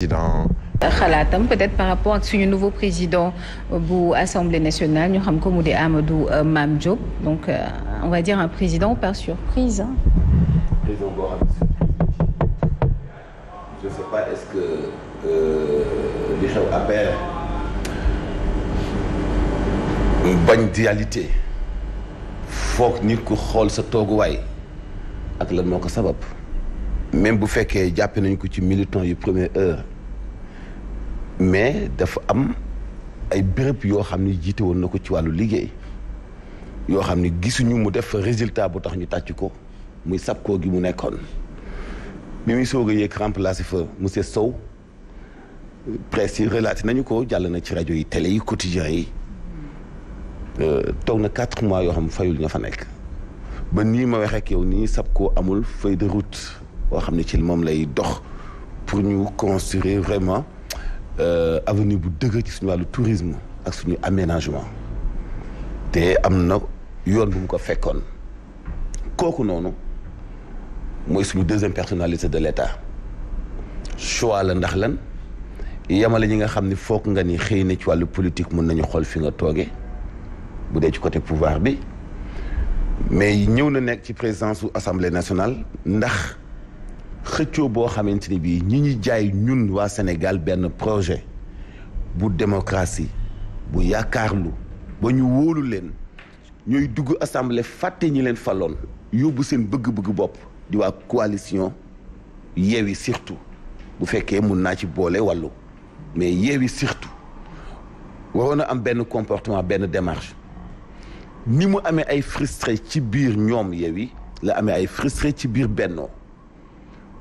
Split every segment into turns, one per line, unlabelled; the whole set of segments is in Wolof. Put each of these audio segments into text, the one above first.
président xalaatam peut-être par rapport à ce nouveau président bu assemblée nationale ñu xam ko mu di Amadou euh, donc euh, on va dire un président par surprise. Hein. président ne je sais pas est-ce que li xew affaire bañ réalité foog nit ku xool sa tooguwaay ak lan moo ko sabab. même bu fekkee jàppe nañ ko ci militant yu première heure mais dafa am ay béréb yoo xam ne jiite woon na ko ci wàllu liggéey yoo xam ne gisuñu mu def résultat bu tax ñu tàcc ko muy sab SAPCO gi mu nekkoon bi muy soog a yéeg remplacé fa monsieur Sow presse yi relaté nañu ko jàll na ci rajo yi télé yi quotidien yi euh, toog na quatre mois yoo xam fayul ña fa nekk ba nii ma waxee ak yow sab koo amul feuille de route pour nous construire vraiment euh, avenir bu le tourisme ak suñu aménagement yoon bu deuxième personnalité de l'État choix la ndax lan yamale ñi nga nga ni politique côté pouvoir mais ñew na nek ci présidence assemblée nationale xëccoo boo xamante ni bii ñi ñi jaay ñun waa Sénégal benn projet bu démocratie bu yaakaarlu ba ñu wóolu leen ñooy dugg assemblée fàtte ñi leen faloon yóbbu seen bëgg-bëgg bopp di waa coalition yeewi surtout bu fekkee mun naa ci boole wàllu mais yeewi surtout waroon a am benn comportement benn démarche ni mu amee ay frustré ci biir ñoom yeewi la amee ay frustré ci biir bennoo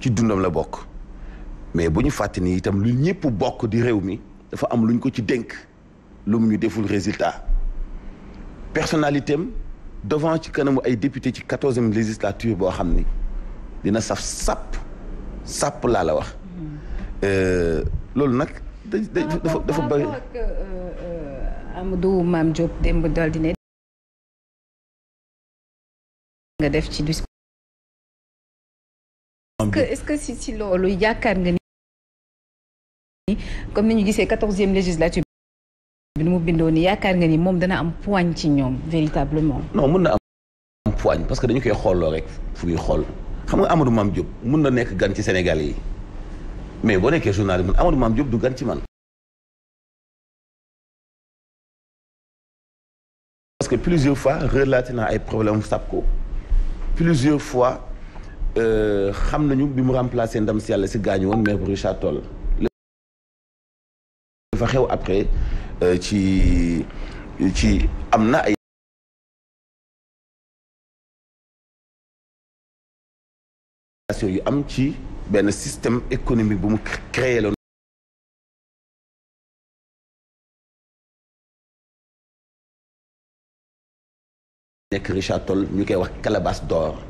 ci dundam la bok mais buñu ñu ni itam lu ñepp bok di réew mi dafa am luñ ko ci denk lu mu ñu deful résultat personnalité devant ci kanamu ay député ci 14e législature bo xamni dina saf sap sàpp laa la wax mm-hmm. euh lool nak dafa dafa bëri euh, euh,
Amadou
mam job démb dal di ne nga def ci discours est-ce que est-ce que si si loolu yaakaar nga ni comme ni ñu gisee quatorzième législature bi nu mu bindoo ni yaakaar
nga ni moom dana am poigne ci ñoom véritablement.
non mun na am poigne parce que dañu koy xooloo rek fu ñuy xool xam nga Amadou Mame Diop mun na nekk gan ci Sénégal yi mais boo
nekkee journaliste man Amadou Mame Diop du gan ci man.
parce que plusieurs fois relaté naa ay problèmes SAPCO plusieurs fois xam nañu bi mu remplacé ndam si ci si gaañu woon maire Richard Toll xew après euh, ci
ci amna na ay yu am ci ben système économique bu mu créé loon nekk Richard Toll ñu koy wax calebasse d'or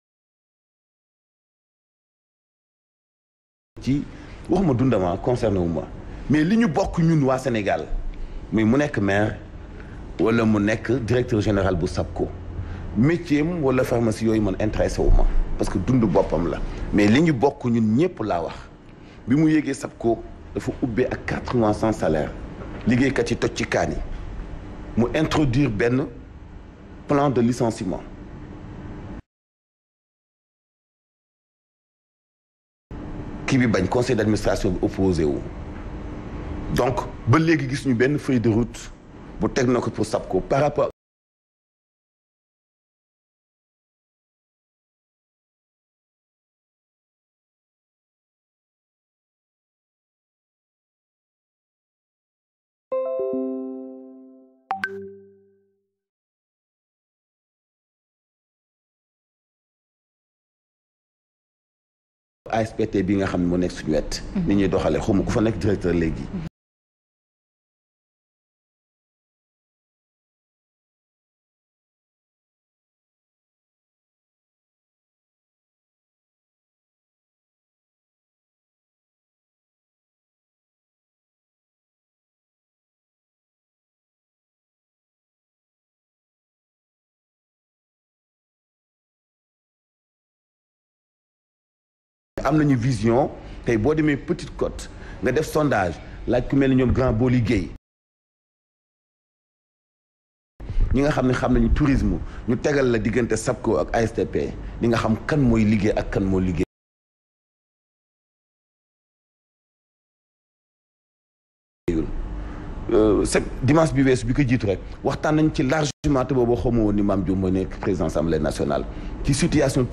ci waxuma dundama
mais ce Sénégal Je suis maire directeur général de SAPCO métier pharmacie intéressé parce que nous sommes la mais bokk SAPCO dafa oublier ak quatre mois salaire introduire ben plan de licenciement Qui bi conseil d'administration opposé donc ba léegi gis une feuille de route bu teg pour SAPCO par
rapport ASPT bi nga xam ne moo nekk suñu wet. Mm-hmm. ni ñuy doxalee xaw ma ku fa nekk directeur léegi. Mm-hmm. am nañu vision tay bo demee Petite Côte nga def
sondage la ku mel ñom grand boo liggéey ñi nga xamni ne xam nañu tourisme ñu tégal la diggante SAPCO ak ASTP li nga xam kan moy
liggéey ak kan moo liggéey.
Euh, c'est dimanche bi wess bi ko jitu rek waxtan nañ ci largement te boobu xamoo ni mam Diouf mooy nekk président assemblée nationale ci situation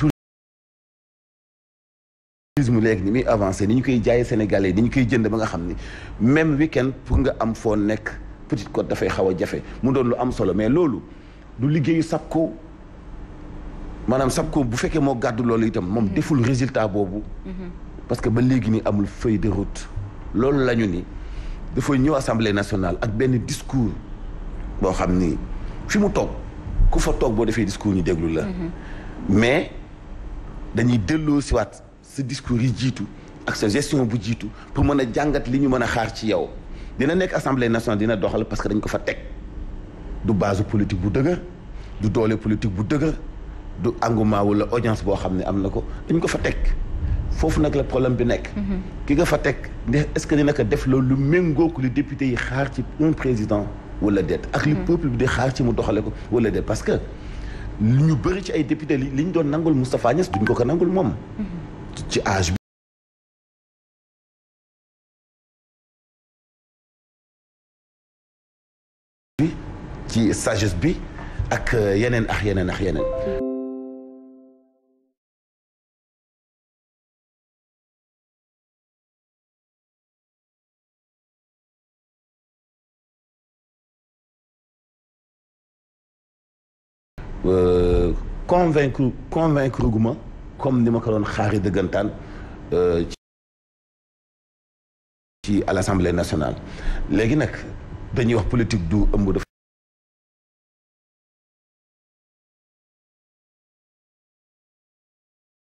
tourisme légui ni mi avancé ni ñu koy jaayee Sénégalais ni ñu koy jënd ba nga xamni même weekend pour nga am fo nekk Petite Côte da fay xawa jafé mu doon lu am solo mais lolu du liggéeyu SAPCO manam SAPCO bu féké mo gaddu lolu itam mom mm-hmm. deful résultat bobu mm-hmm. parce que ba légui ni amul feuille de route. lolu lañu ni da dafa ñëw assemblée nationale ak benn discours bo xamni fi mu tok ku fa tok bo défé discours ñu déglu la. Mm-hmm. mais dañuy ci wat sa discours yi jiitu ak sa gestion bu jiitu pour mën a jàngat li ñu mën a xaar ci yow dina nekk assemblée nationale dina doxal parce que dañ ko fa teg du base politique bu dëgër du doole politique bu dëgër du engouement wala audience boo xam ne am na ko dañ ko fa teg foofu nag la problème bi nekk. Mhm. ki nga fa teg ndax est-ce que dina ko def loolu lu méngoo ko li député yi xaar ci un président wala déet. ak lu mhm. peuple bi di xaar ci mu doxale ko wala déet parce que ñu bëri ci ay député li ñu doon nangul Moustapha Niass duñ ko ko
nangul moom. Mhm. ci âge bi. ci sagesse bi ak yeneen ak yeneen ak yeneen. Euh, convaincre convaincre gouma
comme ni ma ko de Gantan dëggantaan euh, à
l'Assemblée nationale léegi nag dañuy wax politique du ëmb dafa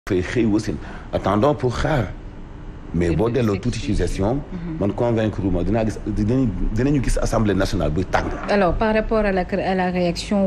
fay xëy wasin attendons pour faire mais boo delloo toute ci gestion mhm. man convaincre ma dinaa gis dinañu gis assemblée nationale alors par rapport à la
réaction